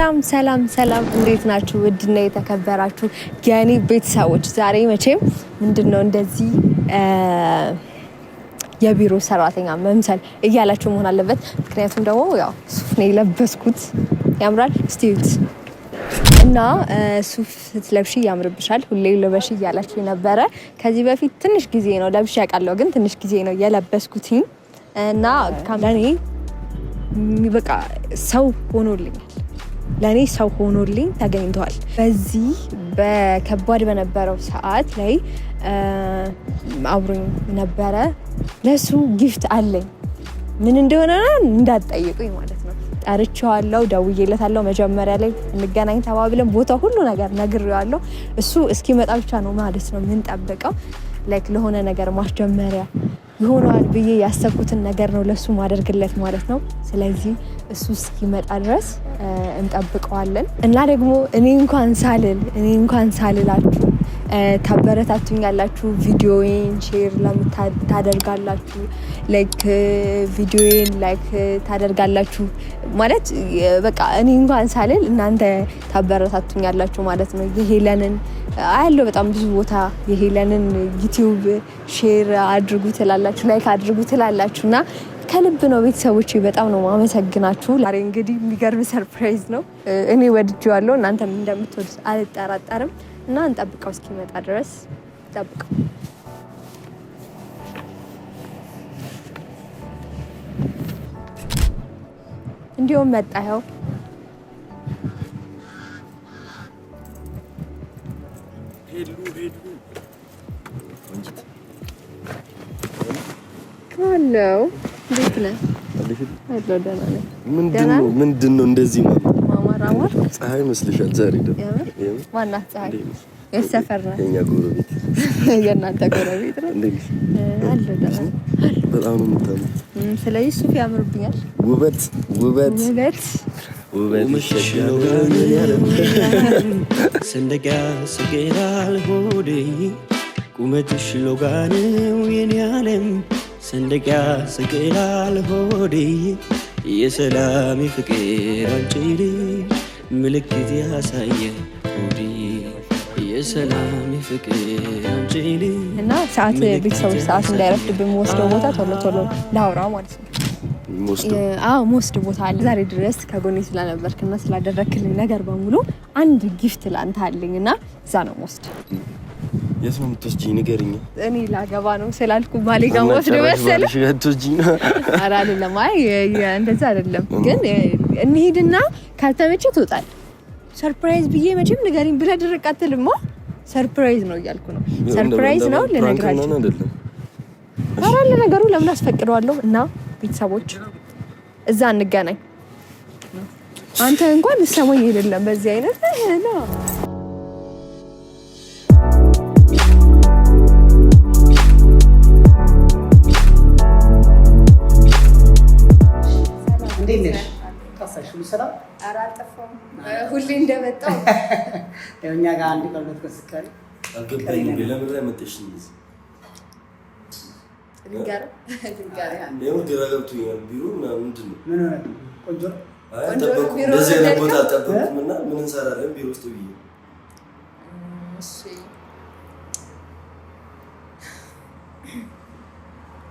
ሰላም ሰላም ሰላም፣ እንዴት ናችሁ? ውድና የተከበራችሁ የኔ ቤተሰቦች፣ ዛሬ መቼም ምንድን ነው እንደዚህ የቢሮ ሰራተኛ መምሰል እያላችሁ መሆን አለበት። ምክንያቱም ደግሞ ያው ሱፍ ነው የለበስኩት፣ ያምራል። እስቲ እና ሱፍ ስትለብሺ ያምርብሻል፣ ሁሌ ልበሽ እያላችሁ የነበረ ከዚህ በፊት ትንሽ ጊዜ ነው ለብሽ ያውቃለሁ፣ ግን ትንሽ ጊዜ ነው የለበስኩትኝ እና ከኔ በቃ ሰው ሆኖልኝ ለእኔ ሰው ሆኖልኝ ተገኝተዋል። በዚህ በከባድ በነበረው ሰዓት ላይ አብሮኝ ነበረ። ለሱ ጊፍት አለኝ። ምን እንደሆነ እንዳትጠይቁኝ ማለት ነው። ጠርቼዋለሁ፣ ደውዬለታለሁ። መጀመሪያ ላይ እንገናኝ ተባብለን ቦታ ሁሉ ነገር ነግሬዋለሁ። እሱ እስኪመጣ ብቻ ነው ማለት ነው የምንጠብቀው ለሆነ ነገር ማስጀመሪያ ይሆነዋል ብዬ ያሰብኩትን ነገር ነው ለሱ ማደርግለት ማለት ነው። ስለዚህ እሱ እስኪመጣ ድረስ እንጠብቀዋለን እና ደግሞ እኔ እንኳን ሳልል እኔ እንኳን ሳልላችሁ ታበረታቱኝ ያላችሁ ቪዲዮዬን ሼር ታደርጋላችሁ፣ ላይክ ቪዲዮዬን ላይክ ታደርጋላችሁ። ማለት በቃ እኔ እንኳን ሳልል እናንተ ታበረታቱኝ ያላችሁ ማለት ነው። የሄለንን አያለው በጣም ብዙ ቦታ የሄለንን ዩቲዩብ ሼር አድርጉ ትላላችሁ፣ ላይክ አድርጉ ትላላችሁ እና ከልብ ነው ቤተሰቦች፣ በጣም ነው ማመሰግናችሁ። ዛሬ እንግዲህ የሚገርም ሰርፕራይዝ ነው። እኔ ወድጄዋለሁ፣ እናንተም እንደምትወዱት አልጠራጠርም። እና እንጠብቀው እስኪመጣ ድረስ ጠብቀው። እንዲሁም መጣ ይኸው አለው። እንዴት ነህ? ምንድን ነው እንደዚህ ነው ራማር ፀሐይ መስልሻል ዛሬ ደግሞ ማናት ፀሐይ የእኛ ጎረቤት የእናንተ ጎረቤት ነው በጣም ስለዚህ ሱፍ ያምርብኛል ውበት ውበት ውበት ሰንደቂያ ሆዴ ቁመትሽ የኔ ዓለም ሰንደቂያ ሆዴ የሰላም ፍቅር አንችል ምልክት ያሳየ የሰላሚ ፍቅር አንችል እና ሰዓት ቤተሰቦች ሰዓት እንዳይረፍድብን የምወስደው ቦታ ቶሎ ቶሎ ላውራ ማለት ነው። አዎ መወስድ ቦታ አለ። ዛሬ ድረስ ከጎኔ ስለነበርክና ስላደረክልኝ ነገር በሙሉ አንድ ጊፍት ላንተ አለኝ እና እዛ ነው ሞስድ የት ነው የምትወስጂኝ? ንገሪኝ። እኔ ላገባ ነው ስላልኩ ባሌ ጋር ወስድ መሰለ ኧረ አይደለም። አይ እንደዛ አይደለም፣ ግን እንሂድና ካልተመቼ ትወጣል። ሰርፕራይዝ ብዬ መቼም ንገሪኝ ብለህ ድርቅ አትልማ። ሰርፕራይዝ ነው እያልኩ ነው። ሰርፕራይዝ ነው አይደለም። ኧረ ለነገሩ ለምን አስፈቅደዋለሁ። እና ቤተሰቦች እዛ እንገናኝ። አንተ እንኳን ልትሰማኝ አይደለም በዚህ አይነት ነው ኧረ አልጠፋሁም። ሁሌ እንደመጣሁ እኛ ጋር አንድ ለምን መጣሽ? ግራ ገብቶኛል። ቢሮ ምንድን ነው? ምን ሆነ? ቆንጆ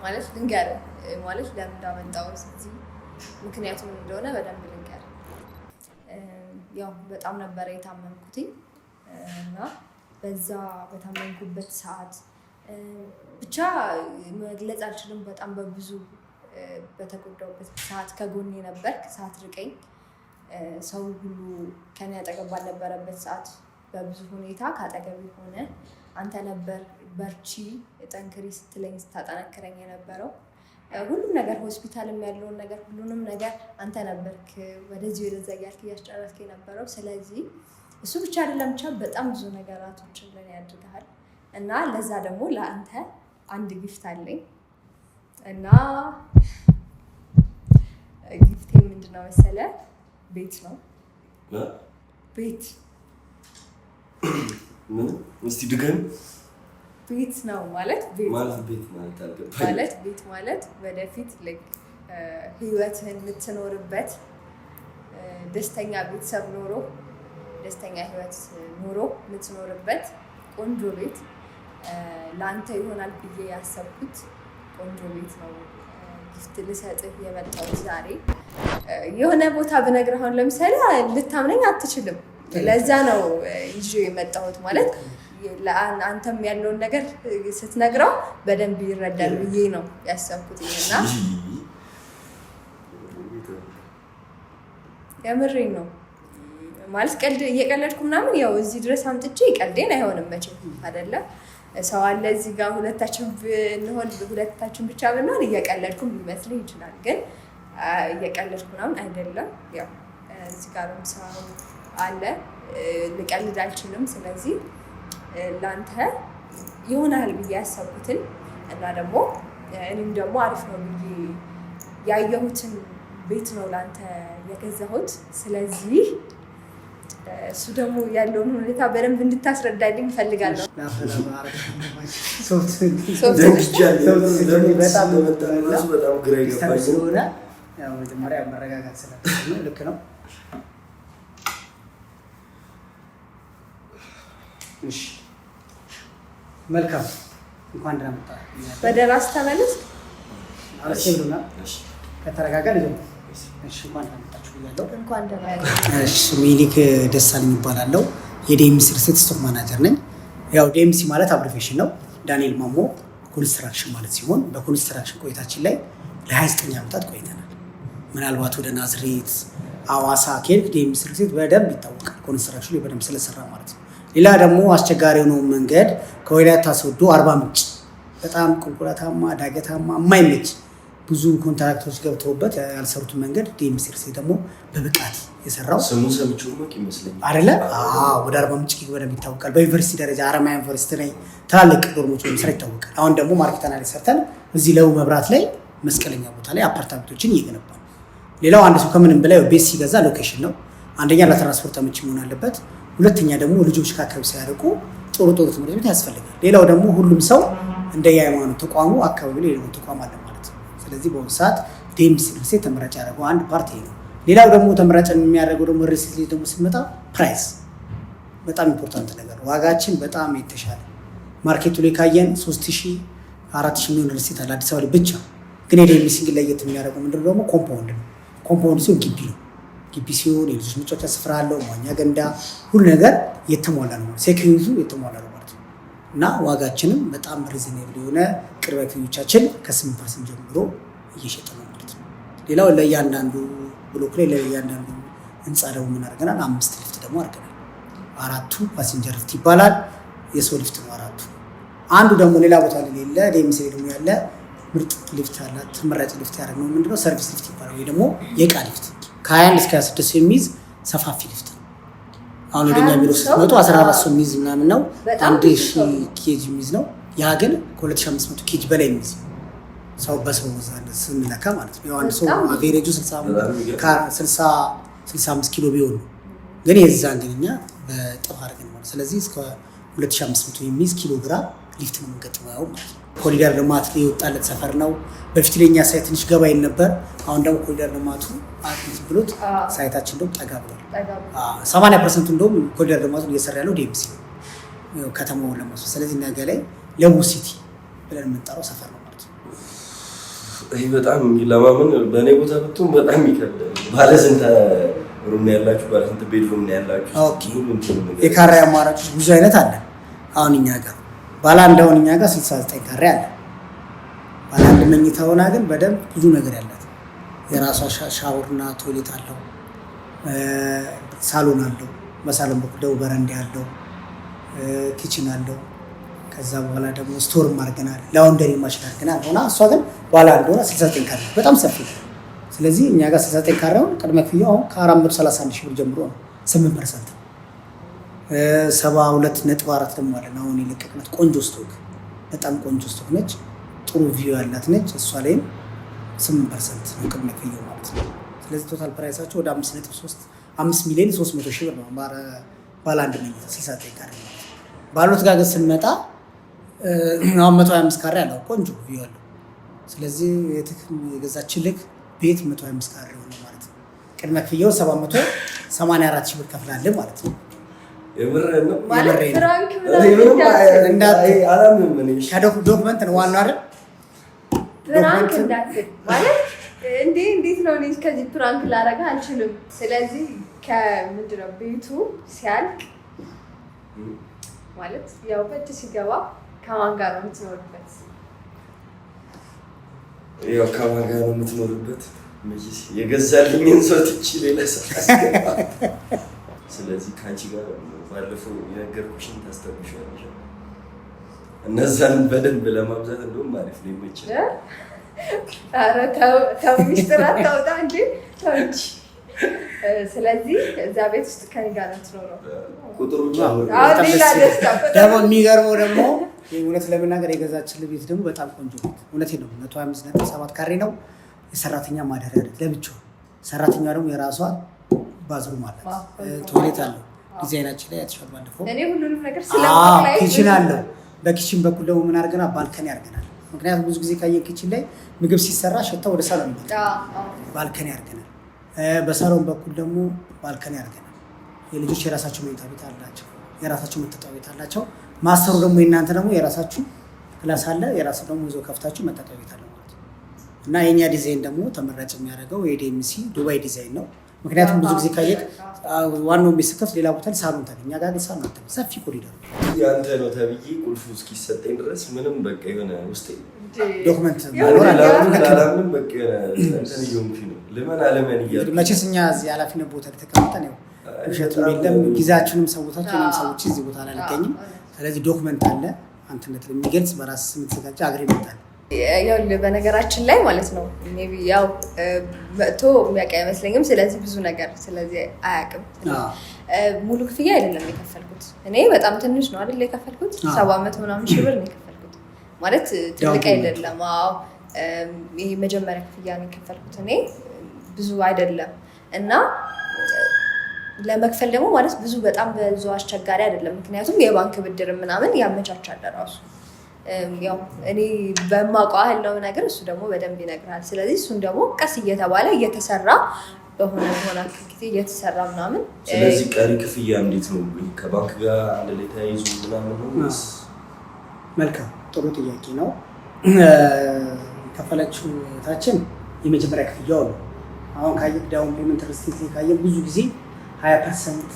ማለት ማለት ለምን ምክንያቱም እንደሆነ በደንብ ያው በጣም ነበረ የታመምኩትኝ እና በዛ በታመምኩበት ሰዓት ብቻ መግለጽ አልችልም። በጣም በብዙ በተጎዳውበት ሰዓት ከጎን ነበር ሰዓት ርቀኝ ሰው ሁሉ ከኔ አጠገብ ባልነበረበት ሰዓት በብዙ ሁኔታ ከአጠገብ የሆነ አንተ ነበር በርቺ ጠንክሪ ስትለኝ ስታጠነክረኝ የነበረው ሁሉም ነገር ሆስፒታልም ያለውን ነገር ሁሉንም ነገር አንተ ነበርክ ወደዚህ ወደዛ እያልክ እያስጨረስክ የነበረው። ስለዚህ እሱ ብቻ አይደለም ብቻ በጣም ብዙ ነገራቶችን ለን ያድርግሃል እና ለዛ ደግሞ ለአንተ አንድ ጊፍት አለኝ እና ጊፍቴ ምንድነው መሰለ? ቤት ነው ቤት ምን እስኪ ቤት ነው ማለት ማለት ቤት ማለት ወደፊት ህይወትህን የምትኖርበት ደስተኛ ቤተሰብ ኖሮ ደስተኛ ህይወት ኖሮ የምትኖርበት ቆንጆ ቤት ለአንተ ይሆናል ብዬ ያሰብኩት ቆንጆ ቤት ነው ጊፍት ልሰጥህ የመጣሁት ዛሬ። የሆነ ቦታ ብነግርህ አሁን ለምሳሌ ልታምነኝ አትችልም። ለዛ ነው ይዤ የመጣሁት ማለት አንተም ያለውን ነገር ስትነግረው በደንብ ይረዳል ብዬ ነው ያሰብኩት። እና የምሬን ነው ማለት ቀልድ እየቀለድኩ ምናምን ያው እዚህ ድረስ አምጥቼ ቀልዴን አይሆንም መቼም አይደለ ሰው አለ እዚህ ጋር ሁለታችን ብንሆን ሁለታችን ብቻ ብንሆን እየቀለድኩም ሊመስል ይችላል። ግን እየቀለድኩ ምናምን አይደለም። ያው እዚህ ጋርም ሰው አለ ልቀልድ አልችልም። ስለዚህ ለአንተ ይሆናል ብዬ ያሰብኩትን እና ደግሞ እኔም ደግሞ አሪፍ ነው ብዬ ያየሁትን ቤት ነው ለአንተ የገዛሁት። ስለዚህ እሱ ደግሞ ያለውን ሁኔታ በደንብ እንድታስረዳልኝ እፈልጋለሁ። መልካም እንኳን ደህና መጣ። በደራስ ተመለስ። አርሴ ብሉና ከተረጋጋን ሚኒክ ደሳለኝ እባላለሁ የዴምሲ ሪል ስቶክ ማናጀር ነኝ። ያው ዴምሲ ማለት አብሪቬሽን ነው። ዳንኤል ማሞ ኮንስትራክሽን ማለት ሲሆን በኮንስትራክሽን ቆይታችን ላይ ለ29 ዓመታት ቆይተናል። ምናልባት ወደ ናዝሬት፣ አዋሳ ኬልክ ዴምሲ ሪል በደንብ ይታወቃል። ኮንስትራክሽን በደንብ ስለሰራ ማለት ነው። ሌላ ደግሞ አስቸጋሪ የሆነው መንገድ ከወይላት አስወዶ አርባ ምንጭ በጣም ቁልቁለታማ ዳገታማ የማይመች ብዙ ኮንትራክቶች ገብተውበት ያልሰሩት መንገድ ዲኤምሲርሲ ደግሞ በብቃት የሰራው አለ ወደ አርባ ምንጭ በደንብ ይታወቃል። በዩኒቨርሲቲ ደረጃ አረማ ዩኒቨርሲቲ ላይ ትላልቅ ዶርሞች በመስራት ይታወቃል። አሁን ደግሞ ማርኬት አናሊስ ሰርተን እዚህ ለው መብራት ላይ መስቀለኛ ቦታ ላይ አፓርታመንቶችን እየገነባ ሌላው አንድ ሰው ከምንም በላይ ቤት ሲገዛ ሎኬሽን ነው። አንደኛ ለትራንስፖርት አመቺ መሆን አለበት። ሁለተኛ ደግሞ ልጆች ከአካባቢ ሲያደርቁ ጥሩ ጥሩ ትምህርት ቤት ያስፈልጋል። ሌላው ደግሞ ሁሉም ሰው እንደ የሃይማኖት ተቋሙ አካባቢ ላይ የሃይማኖት ተቋም አለ ማለት ነው። ስለዚህ በአሁኑ ሰዓት ዴምስ ርሴ ተመራጭ ያደረገው አንድ ፓርቲ ነው። ሌላው ደግሞ ተመራጭ የሚያደርገው ደግሞ ርሴ ደግሞ ሲመጣ ፕራይስ በጣም ኢምፖርታንት ነገር ዋጋችን በጣም የተሻለ ማርኬቱ ላይ ካየን ሶስት ሺህ አራት ሺህ ሚሊዮን ርሴት አለ አዲስ አበባ ላይ ብቻ። ግን ዴምሲ ለየት የሚያደርገው ምንድነው ደግሞ ኮምፓውንድ ነው። ኮምፓውንድ ሲሆን ግቢ ነው ግቢ ሲሆን የልጆች መጫወቻ ስፍራ አለው፣ መዋኛ ገንዳ፣ ሁሉ ነገር የተሟላ ነው። ሴኪሪቲ የተሟላ ነው ማለት ነው። እና ዋጋችንም በጣም ሪዝኔብል የሆነ ቅርብ ክፍያዎቻችን ከስምንት ፐርሰንት ጀምሮ እየሸጠ ነው ማለት ነው። ሌላው ለእያንዳንዱ ብሎክ ላይ ለእያንዳንዱ ህንፃ ደግሞ ምን አድርገናል? አምስት ሊፍት ደግሞ አድርገናል። አራቱ ፓሲንጀር ሊፍት ይባላል። የሰው ሊፍት ነው አራቱ። አንዱ ደግሞ ሌላ ቦታ ላይ የሌለ ደሚሴ ደግሞ ያለ ምርጥ ሊፍት አላት። ተመራጭ ሊፍት ያደረግነው ምንድነው? ሰርቪስ ሊፍት ይባላል ወይ ደግሞ የእቃ ሊፍት ከ21 እስከ ሰው የሚይዝ ሰፋፊ ሊፍት ነው። አሁን ወደኛ ቢሮ ስትመጡ 14 ሰው የሚይዝ ምናምን ነው። አንድ ሺ ኬጅ የሚይዝ ነው። ያ ግን ከ መቶ ኬጅ በላይ የሚይዝ ሰው በሰው ስንለካ ማለት ነው። አንድ ሰው አቬሬጁ 65 ኪሎ ቢሆን ነው። ግን የዛን ግን እኛ በጥፍ አድርገን ማለት ስለዚህ እስከ 2500 የሚይዝ ኪሎ ግራ ሊፍት ነው የምንገጥመው ማለት ነው። ኮሪደር ልማት የወጣለት ሰፈር ነው። በፊት ለኛ ሳይ ትንሽ ገባይን ነበር። አሁን ደግሞ ኮሪደር ልማቱ አዲስ ብሎት ሳይታችን እንደውም ጠጋ ብሏል። ሰማንያ ፐርሰንቱ እንደውም ኮሪደር ልማቱን እየሰራ ያለው ዲኤምሲ ነው ከተማውን ለማስ ስለዚህ ነገ ላይ ለቡ ሲቲ ብለን የምንጠራው ሰፈር ነው ማለት ነው። ይህ በጣም ለማመን በእኔ ቦታ ብትሆን በጣም ይከብዳል። ባለስንት ሩም ነው ያላችሁ? ባለስንት ቤድ ሩም ነው ያላችሁ? የካሬ አማራጮች ብዙ አይነት አለ። አሁን እኛ ጋር ባለ አንድ አሁን እኛ ጋር ስልሳ ዘጠኝ ካሬ አለ። ባለ አንድ መኝታ ሆና ግን በደንብ ብዙ ነገር ያላት የራሷ ሻወርና ቶይሌት አለው፣ ሳሎን አለው። በሳሎን በኩል ደግሞ በረንዳ አለው፣ ኪችን አለው። ከዛ በኋላ ደግሞ ስቶር ማርገናል፣ ላውንደሪ ማሽን አድርገናል። ሆና እሷ ግን ባለ አንድ ሆና 69 ካሬ በጣም ሰፊ ነው። ስለዚህ እኛ ጋር 69 ነው። ቅድመ ክፍያው አሁን ከ431 ሺህ ብር ጀምሮ ነው 8 ፐርሰንት ሰባ ሁለት ነጥብ አራት ደግሞ አለን። አሁን የለቀቅናት ቆንጆ ስቶክ፣ በጣም ቆንጆ ስቶክ ነች። ጥሩ ቪው ያላት ነች። እሷ ላይም ስምንት ፐርሰንት ነው ቅድመ ክፍያው ማለት ነው። ስለዚህ ቶታል ፕራይሳቸው ወደ አምስት ነጥብ ሶስት አምስት ሚሊዮን ሶስት መቶ ሺህ ብር ነው ባለ አንድ መኝታ ስልሳ ዘጠኝ ካሬ ማለት ባሉት ጋር ግን ስንመጣ አሁን መቶ ሀያ አምስት ካሬ አለው ቆንጆ ያለው ስለዚህ የትክም የገዛችን ልክ ቤት መቶ ሀያ አምስት ካሬ ሆነ ማለት ነው። ቅድመ ክፍያው ሰባት መቶ ሰማንያ አራት ሺህ ብር ከፍላለህ ማለት ነው። ዶክመንት ነው ዋናው አይደል ፕራንክ እንዳትል ማለት እንዴ እንዴት ነው ልጅ ከዚህ ፕራንክ ላረጋ አልችልም። ስለዚህ ከምንድን ነው ቤቱ ሲያልቅ ማለት ያው ሲገባ ከማን ጋር ነው የምትኖርበት? ያው ከማን ጋር ነው የምትኖርበት? የገዛልኝን ሰው ትቼ ሌላ ሰው ስለዚህ ከአንቺ ጋር ባለፈው የነገርኩሽን ታስታውሻለሽ እነዛን በደንብ ለማብዛት እንደውም አሪፍ ነው ይመችላል። ሚስጥራት ታውጣ እንጂ ታውጭ። ስለዚህ እዛ ቤት ውስጥ ከኔ ጋር ትኖረው ቁጥሩ ደግሞ የሚገርመው ደግሞ እውነት ለመናገር የገዛችልን ቤት ደግሞ በጣም ቆንጆ ቤት እውነት ነው። መቶ አምስት ነጥብ ሰባት ካሬ ነው። የሰራተኛ ማደሪያ ለት ለብቻው ሰራተኛ ደግሞ የራሷ ባዝሩ ማለት ቶሌት አለው። ዲዛይናችን ላይ ያተሻል ባለፈው ኪችን አለው በኪችን በኩል ደግሞ ምን አድርገናል? ባልከን ያርገናል። ምክንያቱም ብዙ ጊዜ ካየን ኪችን ላይ ምግብ ሲሰራ ሸታ ወደ ሳሎን ባልከን ያርገናል። በሳሎን በኩል ደግሞ ባልከን ያርገናል። የልጆች የራሳቸው መኝታ ቤት አላቸው፣ የራሳቸው መጠጫ ቤት አላቸው። ማሰሩ ደግሞ የእናንተ ደግሞ የራሳችሁ ክላስ አለ፣ የራሱ ደግሞ ይዞ ከፍታችሁ መጠጫ ቤት አለ ማለት እና የእኛ ዲዛይን ደግሞ ተመራጭ የሚያደርገው የዲኤምሲ ዱባይ ዲዛይን ነው። ምክንያቱም ብዙ ጊዜ ካየት ዋናው ቤት ሌላ ቦታ ላይ ሳሎን ታገኝ። ጋር ግን ሳሎን አታገኝ። ሰፊ ኮሪደር ያንተ ነው ተብዬ ቁልፉ እስኪሰጠኝ ድረስ ምንም በቃ የሆነ ውስጤ ዶክመንት ነው። በቃ እንትን መቼስ እኛ እዚህ ኃላፊነት ቦታ ላይ ተቀምጠን ነው ውሸቱም የለም ጊዜያችንም ሰውታችንም ሰዎች እዚህ ቦታ ላይ አልገኝም። ስለዚህ ዶክመንት አለ አንተነት የሚገልጽ በራስ የምትዘጋጀ አግሪመንት አለ በነገራችን ላይ ማለት ነው ያው መጥቶ የሚያውቅ አይመስለኝም። ስለዚህ ብዙ ነገር ስለዚህ አያውቅም። ሙሉ ክፍያ አይደለም የከፈልኩት እኔ በጣም ትንሽ ነው አይደል የከፈልኩት፣ ሰባ መቶ ምናምን ሺህ ብር ነው የከፈልኩት። ማለት ትልቅ አይደለም። አዎ ይህ መጀመሪያ ክፍያ ነው የከፈልኩት እኔ ብዙ አይደለም እና ለመክፈል ደግሞ ማለት ብዙ በጣም ብዙ አስቸጋሪ አይደለም። ምክንያቱም የባንክ ብድር ምናምን ያመቻቻል ራሱ ያው እኔ በማውቀው ያለው ነገር እሱ ደግሞ በደንብ ይነግራል። ስለዚህ እሱን ደግሞ ቀስ እየተባለ እየተሰራ በሆነ በሆነ ጊዜ እየተሰራ ምናምን። ስለዚህ ቀሪ ክፍያ እንዴት ነው? ከባንክ ጋር አንድ ላይ ተያይዙ ምናምን። መልካም ጥሩ ጥያቄ ነው። ከፈለችው ታችን የመጀመሪያ ክፍያው ነው። አሁን ካየ ዳውን ፔመንት ርስቴት ካየ ብዙ ጊዜ ሀያ ፐርሰንት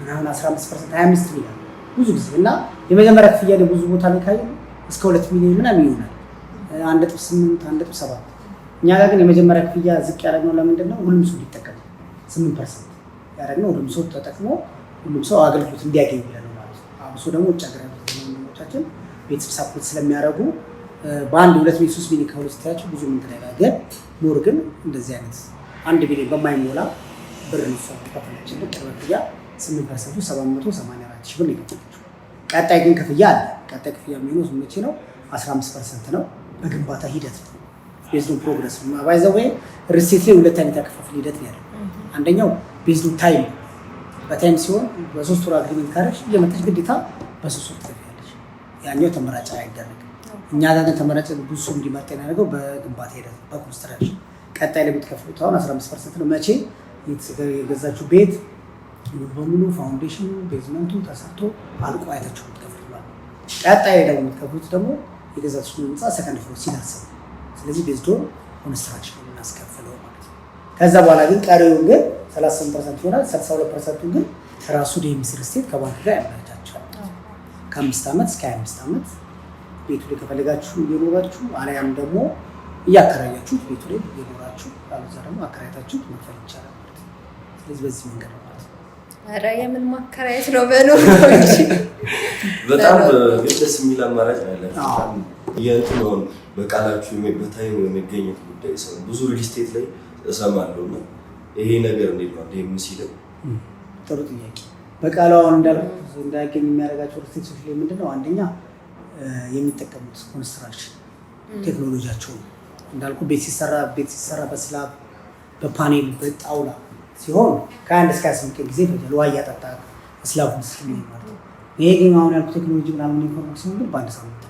ምናምን አስራ አምስት ፐርሰንት ሀያ አምስት ይላል ብዙ ጊዜ እና የመጀመሪያ ክፍያ ብዙ ቦታ ላይ ካየ እስከ ሁለት ሚሊዮን ምናምን ይሆናል። አንድ ነጥብ ስምንት አንድ ነጥብ ሰባት እኛ ጋር ግን የመጀመሪያ ክፍያ ዝቅ ያደረግነው ለምንድን ነው? ሁሉም ሰው እንዲጠቀም ስምንት ፐርሰንት ያደረግነው ሁሉም ሰው ተጠቅሞ ሁሉም ሰው አገልግሎት እንዲያገኝ ብለን ነው ማለት ነው። አብሶ ደግሞ ውጭ ሀገር ያሉት ወንድሞቻችን ቤተሰብ ሳፖርት ስለሚያደርጉ በአንድ ሁለት ሚሊዮን ሶስት ሚሊዮን ከሁለት ስታያቸው ብዙ ምን ተደጋገር ሞር ግን እንደዚህ አይነት አንድ ሚሊዮን በማይሞላ ብር ነው ሰው ከፈለችን ቅርበያ ስምንት ፐርሰንቱ ሰባት መቶ ሰማንያ አራት ሺህ ብር ነው የከፈለችው። ቀጣይ ግን ክፍያ አለ። ቀጣይ ክፍያ የሚሆነው መቼ ነው? 15 ፐርሰንት ነው። በግንባታ ሂደት ነው ቤዝዱ ፕሮግረስ ባይዘ ወይ ርሴት ላይ ሁለት አይነት ያከፋፍል ሂደት ያለ አንደኛው ቤዝዱ ታይም በታይም ሲሆን በሶስት ወር አግሪመንት ካረሽ እየመጣሽ ግዴታ በሶስት ወር ትከፍያለሽ። ያኛው ተመራጭ አይደረግም። እኛ ጋር ግን ተመራጭ ብዙ ሰው እንዲመርጥ ያደረገው በግንባታ ሂደት በኮንስትራክሽን ቀጣይ ላይ የምትከፍሉት አሁን 15 ፐርሰንት ነው። መቼ የገዛችሁ ቤት ሙሉ በሙሉ ፋውንዴሽኑ ቤዝመንቱ ተሰርቶ አልቆ አይታችሁ የምትከፍሉት ማለት ቀጣይ ደግሞ የምትከፍሉት ደግሞ የገዛችው ህንፃ ሰከንድ ፍሎር ሲታሰብ፣ ስለዚህ ቤዝዶ ኮንስትራክሽን የምናስከፍለው ማለት ነው። ከዛ በኋላ ግን ቀሪውን ግን 38 ፐርሰንት ይሆናል። 62 ፐርሰንቱ ግን ራሱ ዲኤምሲ ስቴት ከባንክ ጋር ያመቻቻቸዋል። ከአምስት ዓመት እስከ 25 ዓመት ቤቱ ላይ ከፈለጋችሁ እየኖራችሁ አልያም ደግሞ እያከራያችሁት ቤቱ ላይ እየኖራችሁ አለዛ ደግሞ አከራይታችሁት መክፈል ይቻላል ማለት ነው። ስለዚህ በዚህ መንገድ ነው ኧረ የምን ማከራየት ነው በጣም ግን ደስ የሚል አማራጭ ነው ያላችሁ። የእንትን በቃላችሁ በታይም ጉዳይ ሰው ብዙ ላይ እሰማለሁ ይሄ ነገር እንዴት ነው ጥሩ ጥያቄ እንዳልኩት እንዳያገኝ የሚያደርጋቸው ላይ አንደኛ የሚጠቀሙት ኮንስትራክሽን ቴክኖሎጂያቸው ነው። እንዳልኩ ቤት ሲሰራ ቤት ሲሰራ በስላብ በፓኔል በጣውላ ሲሆን ከአንድ እስከ ስምንት ጊዜ ይፈጃል። ውሃ እያጠጣ እስላቡ ስል ማለት ይሄ ግን አሁን ያልኩ ቴክኖሎጂ ምናምን ኢንፎርሜሽን ግን በአንድ ሳምንት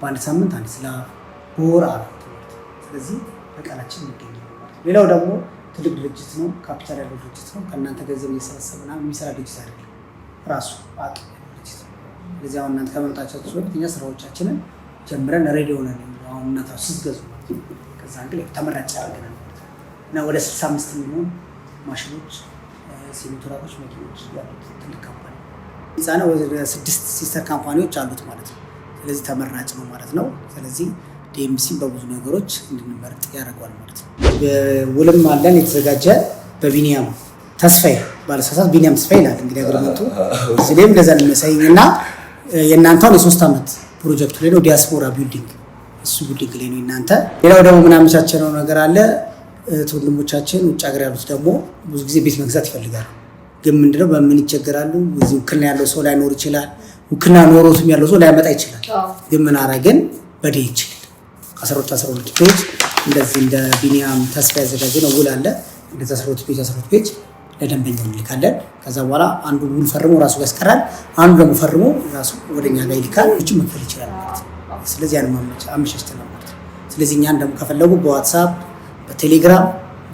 በአንድ ሳምንት አንድ ስላፍ በወር አራት ትምህርት። ስለዚህ በቀላችን ይገኛል። ሌላው ደግሞ ትልቅ ድርጅት ነው፣ ካፒታል ያለው ድርጅት ነው። ከእናንተ ገንዘብ እየሰበሰበ ምናምን የሚሰራ ድርጅት አይደለም፣ ራሱ አቅ ድርጅት ነው። ስለዚህ አሁን እናንተ ከመምጣቸው በፊት እኛ ስራዎቻችንን ጀምረን ሬዲ ሆነ አሁን እናታ ስትገዙ ከዛ እንግዲህ ተመራጭ ያደርገናል እና ወደ ስልሳ አምስት የሚሆን ማሽኖች፣ ሲሚንቶራቶች፣ መኪኖች ያሉት ትልቅ ካምፓኒ ህፃና ወደ ስድስት ሲስተር ካምፓኒዎች አሉት ማለት ነው። ስለዚህ ተመራጭ ነው ማለት ነው። ስለዚህ ዲኤምሲ በብዙ ነገሮች እንድንመርጥ ያደርገዋል ማለት ነው። ውልም አለን የተዘጋጀ በቢኒያም ተስፋዬ ባለሳሳት ቢኒያም ተስፋዬ ይላል እንግዲህ አግሪመንቱ እዚህም ለዛ ልመሳይኝ እና የእናንተውን የሶስት ዓመት ፕሮጀክቱ ላይ ነው ዲያስፖራ ቢልዲንግ እሱ ቢልዲንግ ላይ ነው እናንተ ሌላው ደግሞ ምናመቻቸነው ነገር አለ እህት ወንድሞቻችን ውጭ ሀገር ያሉት ደግሞ ብዙ ጊዜ ቤት መግዛት ይፈልጋሉ። ግን ምንድነው በምን ይቸገራሉ? እዚህ ውክልና ያለው ሰው ላይኖር ይችላል። ውክልና ኖሮትም ያለው ሰው ላይመጣ ይችላል። ግን ምን አረግን በዴ ይችላል አስራዎች አስራ ሁለት ፔጅ እንደዚህ እንደ ቢኒያም ተስፋ ያዘጋጀ ነው ውል አለ። እንደዚህ አስራ ሁለት ፔጅ አስራ ሁለት ፔጅ ለደንበኛ እንልካለን። ከዛ በኋላ አንዱ ውል ፈርሞ ራሱ ያስቀራል። አንዱ ደግሞ ፈርሞ ራሱ ወደኛ ላይ ይልካል። እችን መክፈል ይችላል ማለት ነው። ስለዚህ ያን ነው ማለት ነው። ስለዚህ እኛን ደግሞ ከፈለጉ በዋትሳፕ በቴሌግራም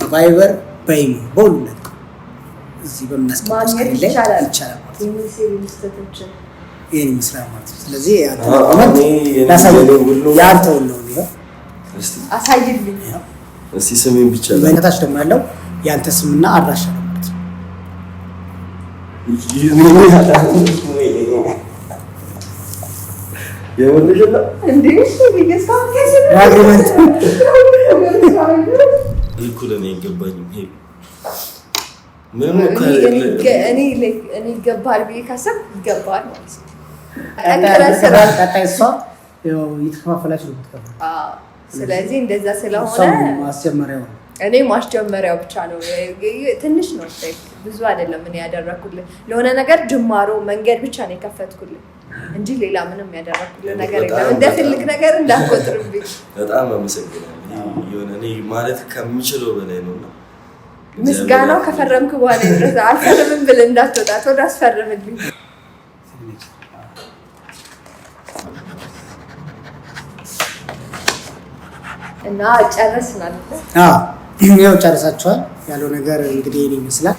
በቫይበር በይሞ በሁሉ እዚህ በምናስቀምጠው ይቻላል። ማለት ያለው ያንተ ስምና አድራሻ ነው ነው። እኮ ለእኔ አይገባኝም። ሄ ምንም ይገባል ብዬ ካሰብ ይገባል ስለዚህ እንደዛ ስለሆነ ማስጀመሪያ ነው እኔ ማስጀመሪያው ብቻ ነው፣ ትንሽ ነው፣ ብዙ አይደለም። እኔ ያደረኩልን ለሆነ ነገር ጅማሮ መንገድ ብቻ ነው የከፈትኩልን እንጂ ሌላ ምንም ያደረኩልን ነገር የለም። እንደ ትልቅ ነገር እንዳትቆጥርብኝ። በጣም አመሰግናለሁ። እኔ ማለት ከምችለው በላይ ነው ምስጋናው ከፈረምክ በኋላ ድረስ አልፈርምም ብል እንዳትወጣት ወደ አስፈርምልኝ እና ጨረስናል። ያው ጨርሳችኋል ያለው ነገር እንግዲህ ይመስላል።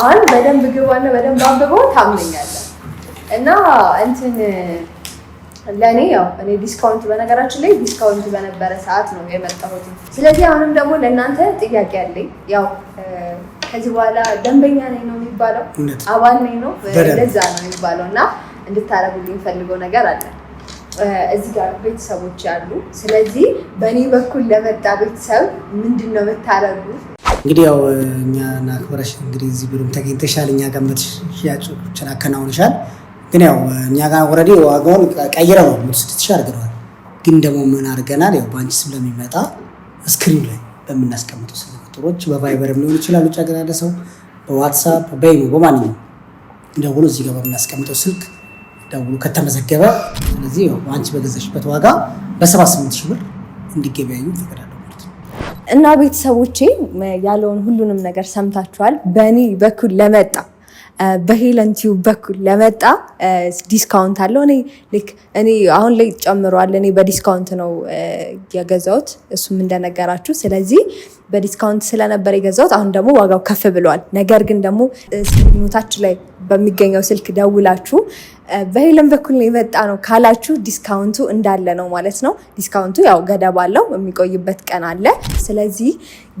አሁን በደንብ ግባና በደንብ አንብበው ታምነኛለህ እና እንትን ለእኔ ያው እኔ ዲስካውንት በነገራችን ላይ ዲስካውንት በነበረ ሰዓት ነው የመጣሁት። ስለዚህ አሁንም ደግሞ ለእናንተ ጥያቄ አለኝ። ያው ከዚህ በኋላ ደንበኛ ነኝ ነው የሚባለው፣ አባል ነኝ ነው ለዛ ነው የሚባለው እና እንድታረጉልኝ ፈልገው ነገር አለ። እዚህ ጋር ቤተሰቦች ያሉ፣ ስለዚህ በእኔ በኩል ለመጣ ቤተሰብ ምንድን ነው የምታረጉ? እንግዲህ ያው እኛ አክብረሽ እንግዲህ እዚህ ብሩም ተገኝተሻል፣ እኛ ጋር ሽያጮችን አከናውንሻል። ግን ያው እኛ ጋር ኦልሬዲ ዋጋውን ቀይረው ነው ስድስት ሺህ አድርገዋል። ግን ደግሞ ምን አድርገናል? ያው በአንቺ ስም ለሚመጣ ስክሪን ላይ በምናስቀምጠው ስልክ ቁጥሮች በቫይበርም ሊሆን ይችላል፣ ውጭ ሀገር ያለ ሰው በዋትሳፕ በይኑ በማንኛውም ደውሎ እዚህ ጋር በምናስቀምጠው ስልክ ደውሎ ከተመዘገበ ስለዚህ አንቺ በገዛሽበት ዋጋ በሰባ ስምንት ሺህ ብር እንዲገበያዩ ፈቀዳለሁ ማለት ነው። እና ቤተሰቦቼ ያለውን ሁሉንም ነገር ሰምታችኋል። በእኔ በኩል ለመጣ በሄለን ቲዩብ በኩል ለመጣ ዲስካውንት አለው። እኔ ልክ እኔ አሁን ላይ ጨምሯል። እኔ በዲስካውንት ነው የገዛሁት እሱም እንደነገራችሁ። ስለዚህ በዲስካውንት ስለነበር የገዛሁት አሁን ደግሞ ዋጋው ከፍ ብሏል። ነገር ግን ደግሞ ስልክ ኖታችን ላይ በሚገኘው ስልክ ደውላችሁ በሌላም በኩል የመጣ ነው ካላችሁ ዲስካውንቱ እንዳለ ነው ማለት ነው። ዲስካውንቱ ያው ገደብ አለው፣ የሚቆይበት ቀን አለ። ስለዚህ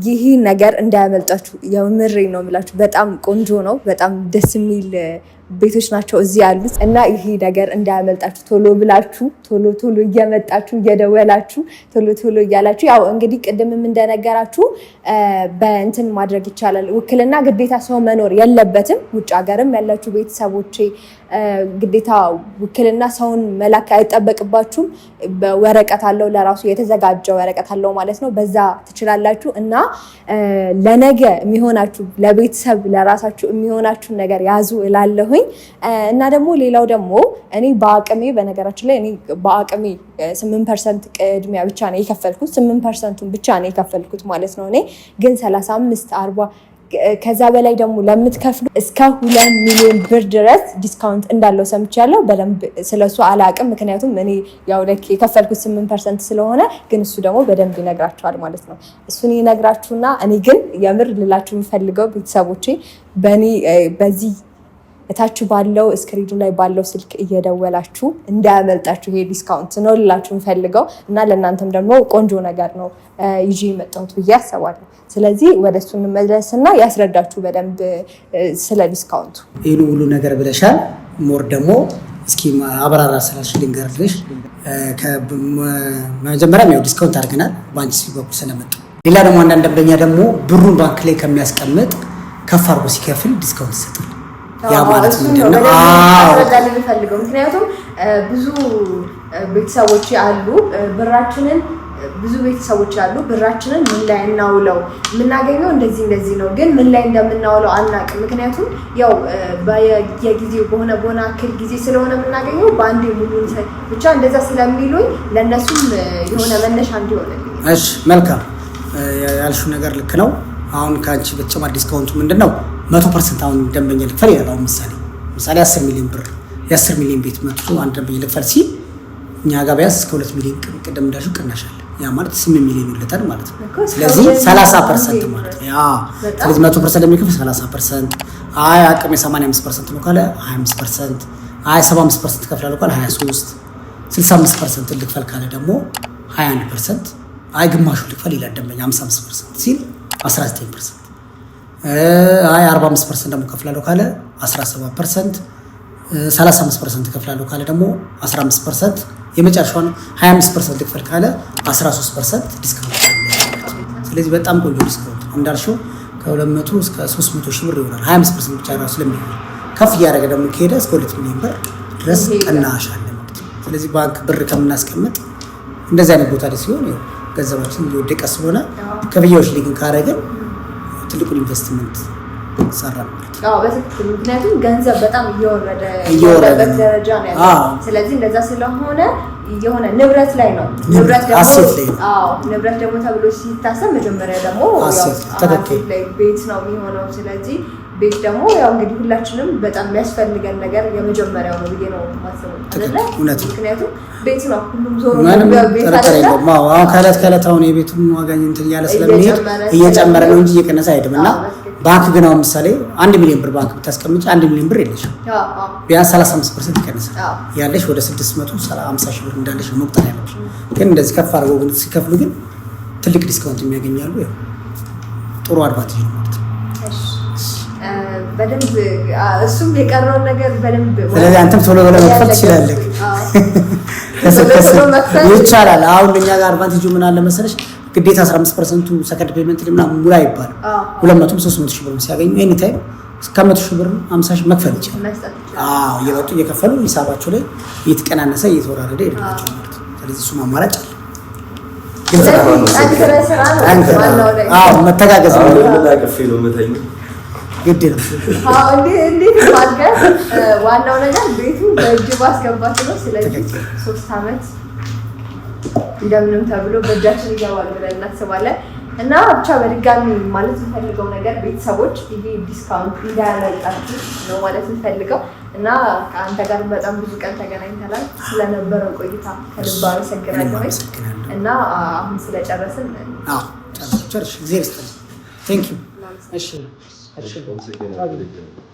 ይህ ነገር እንዳያመልጣችሁ። የምሬ ነው የምላችሁ። በጣም ቆንጆ ነው። በጣም ደስ የሚል ቤቶች ናቸው እዚህ ያሉት እና ይሄ ነገር እንዳያመልጣችሁ። ቶሎ ብላችሁ ቶሎ ቶሎ እየመጣችሁ እየደወላችሁ ቶሎ ቶሎ እያላችሁ ያው እንግዲህ ቅድምም እንደነገራችሁ በእንትን ማድረግ ይቻላል። ውክልና ግዴታ ሰው መኖር የለበትም። ውጭ ሀገርም ያላችሁ ቤተሰቦቼ ግዴታ ውክልና ሰውን መላክ አይጠበቅባችሁም። ወረቀት አለው ለራሱ የተዘጋጀ ወረቀት አለው ማለት ነው። በዛ ትችላላችሁ እና ለነገ የሚሆናችሁ ለቤተሰብ ለራሳችሁ የሚሆናችሁን ነገር ያዙ እላለሁኝ። እና ደግሞ ሌላው ደግሞ እኔ በአቅሜ በነገራችን ላይ እኔ በአቅሜ ስምንት ፐርሰንት ቅድሚያ ብቻ ነው የከፈልኩት። ስምንት ፐርሰንቱን ብቻ ነው የከፈልኩት ማለት ነው። እኔ ግን ሰላሳ አምስት አርባ ከዛ በላይ ደግሞ ለምትከፍሉ እስከ ሁለት ሚሊዮን ብር ድረስ ዲስካውንት እንዳለው ሰምቻለሁ። በደንብ ስለሱ አላቅም፣ ምክንያቱም እኔ ያው ለክ የከፈልኩት ስምንት ፐርሰንት ስለሆነ፣ ግን እሱ ደግሞ በደንብ ይነግራችኋል ማለት ነው። እሱን ይነግራችሁና እኔ ግን የምር ልላችሁ የምፈልገው ቤተሰቦቼ በእኔ በዚህ እታችሁ ባለው እስክሪኑ ላይ ባለው ስልክ እየደወላችሁ እንዳያመልጣችሁ። ይሄ ዲስካውንት ነው ልላችሁ እንፈልገው እና ለእናንተም ደግሞ ቆንጆ ነገር ነው ይዤ የመጣሁት ብዬ አስባለሁ። ስለዚህ ወደ እሱ እንመለስና ያስረዳችሁ በደንብ ስለ ዲስካውንቱ። ይህን ሁሉ ነገር ብለሻል። ሞር ደግሞ እስኪ አብራራ ስላልሽ ልንገርልሽ። መጀመሪያም ያው ዲስካውንት አድርገናል በአንቺ በኩል ስለመጡ። ሌላ ደግሞ አንዳንድ ደንበኛ ደግሞ ብሩን ባንክ ላይ ከሚያስቀምጥ ከፍ አድርጎ ሲከፍል ዲስካውንት ይሰጣል። ያ ማለት ምንድን ነው? ፈልገው ምክንያቱም ብዙ ቤተሰቦች አሉ ብራችንን ብዙ ቤተሰቦች አሉ ብራችንን ምን ላይ እናውለው፣ የምናገኘው እንደዚህ እንደዚህ ነው፣ ግን ምን ላይ እንደምናውለው አናውቅም። ምክንያቱም ያው የጊዜ በሆነ በሆነ አክል ጊዜ ስለሆነ የምናገኘው በአንድ ሙሉ ብቻ እንደዛ ስለሚሉኝ ለእነሱም የሆነ መነሻ እንዲሆንልኝ። እሺ መልካም ያልሹ ነገር ልክ ነው። አሁን ከአንቺ በተጨማሪ ዲስካውንቱ ምንድን ነው? መቶ ፐርሰንት አሁን ደንበኛ ልክፈል ይላል። ምሳሌ ምሳሌ አስር ሚሊዮን ብር የአስር ሚሊዮን ቤት መቶ አንድ ደንበኛ ልክፈል ሲል እኛ ጋር ቢያንስ እስከ ሁለት ሚሊዮን ቅድም እንዳልሽው ቅናሽ ያ ማለት ስምንት ሚሊዮን ይለታል ማለት ነው። ስለዚህ ሰላሳ ፐርሰንት ማለት ነው። ያ ስለዚህ መቶ ፐርሰንት የሚከፍል ሰላሳ ፐርሰንት አይ አቅም ሰማንያ አምስት ፐርሰንት ነው ካለ ሀያ አምስት ፐርሰንት አይ ሰባ አምስት ፐርሰንት እከፍላለሁ ካለ ሀያ ሶስት ስልሳ አምስት ፐርሰንት ልክፈል ካለ ደግሞ ሀያ አንድ ፐርሰንት አይ ግማሹ ልክፈል ይላል ደንበኛ ሀምሳ አምስት ፐርሰንት ሲል አስራ ዘጠኝ ፐርሰንት አይ 45 ፐርሰንት ደግሞ ከፍላለሁ ካለ 17 ፐርሰንት፣ 35 ፐርሰንት ከፍላለሁ ካለ ደግሞ 15 ፐርሰንት፣ የመጨረሻውን 25 ፐርሰንት ልክፈል ካለ 13 ፐርሰንት ዲስካውንት። ስለዚህ በጣም ቆንጆ ዲስካውንት እንዳልሽው ከ200 እስከ 300 ሺህ ብር ይሆናል። 25 ፐርሰንት ብቻ ነው ስለሚሆን ከፍ እያደረገ ደግሞ ከሄደ እስከ 2 ሚሊዮን ብር ድረስ ቅናሽ አለ ማለት ነው። ስለዚህ ባንክ ብር ከምናስቀምጥ እንደዚህ አይነት ቦታ ሲሆን ገንዘባችን እየወደቀ ስለሆነ ክፍያዎች ሊግን ካደረግን ትልቁን ኢንቨስትመንት ሰራ ማለት ነው። በትክክል ምክንያቱም ገንዘብ በጣም እየወረደ እየወረደበት ደረጃ ነው ያለው። ስለዚህ እንደዛ ስለሆነ የሆነ ንብረት ላይ ነው ንብረት ደግሞ ተብሎ ሲታሰብ መጀመሪያ ደግሞ ቤት ነው የሚሆነው ስለዚህ ቤት ደግሞ ያው እንግዲህ ሁላችንም በጣም የሚያስፈልገን ነገር የመጀመሪያው ነው ብዬ ነው የማስበው። ምክንያቱም ቤት ነው፣ ሁሉም ዞሮ ጥርጥር የለውም። አሁን ከዕለት ከዕለት አሁን የቤቱን ዋጋ እንትን እያለ ስለሚሄድ እየጨመረ ነው እንጂ እየቀነሰ አይሄድም። እና ባንክ ግን አሁን ምሳሌ አንድ ሚሊዮን ብር ባንክ ብታስቀምጭ አንድ ሚሊዮን ብር የለሽ፣ ቢያንስ 35 ፐርሰንት ይቀንሳል። ያለሽ ወደ 650 ሺህ ብር እንዳለሽ መቁጠር ያለብሽ። ግን እንደዚህ ከፍ አድርገው ሲከፍሉ ግን ትልቅ ዲስካውንት የሚያገኛሉ። ጥሩ አድቫንቴጅ ነው። በደንብ እሱም የቀረውን ነገር በደንብ ስለዚህ አንተም ቶሎ ብለህ መክፈል ትችላለህ። ይቻላል። አሁን እኛ ጋር አድቫንቴጁ ምን አለ መሰለሽ ግዴታ 15 ፐርሰንቱ ሰከንድ ፔመንት ልምና ሙላ ይባላል። ሁለት መቶም ሶስት መቶ ሺህ ብር ሲያገኙ ኤኒ ታይም እስከ መቶ ሺህ ብር ሀምሳ ሺህ መክፈል ይችላል። እየመጡ እየከፈሉ ሂሳባቸው ላይ እየተቀናነሰ እየተወራረደ ይሄድላቸው ማለት ነው። ስለዚህ እሱም አማራጭ አለ። መተጋገዝ ነው። ግድ ነው። እንዴት ማድረግ ዋናው ነገር ቤቱ በእጅ ማስገባት ነው። ስለዚህ ሶስት አመት እንደምንም ተብሎ በእጃችን ይገባል ብለን እናስባለን እና ብቻ በድጋሚ ማለት የምፈልገው ነገር ቤተሰቦች ይሄ ዲስካውንት እንዳያመልጣችሁ ነው ማለት የምፈልገው እና ከአንተ ጋር በጣም ብዙ ቀን ተገናኝተናል። ስለነበረው ቆይታ ከልብ አመሰግናለሁ እና አሁን ስለጨረስን ጨርሽ ጊዜ ቴንክ ዩ እሺ Her şey. 18 genelde bekliyorum.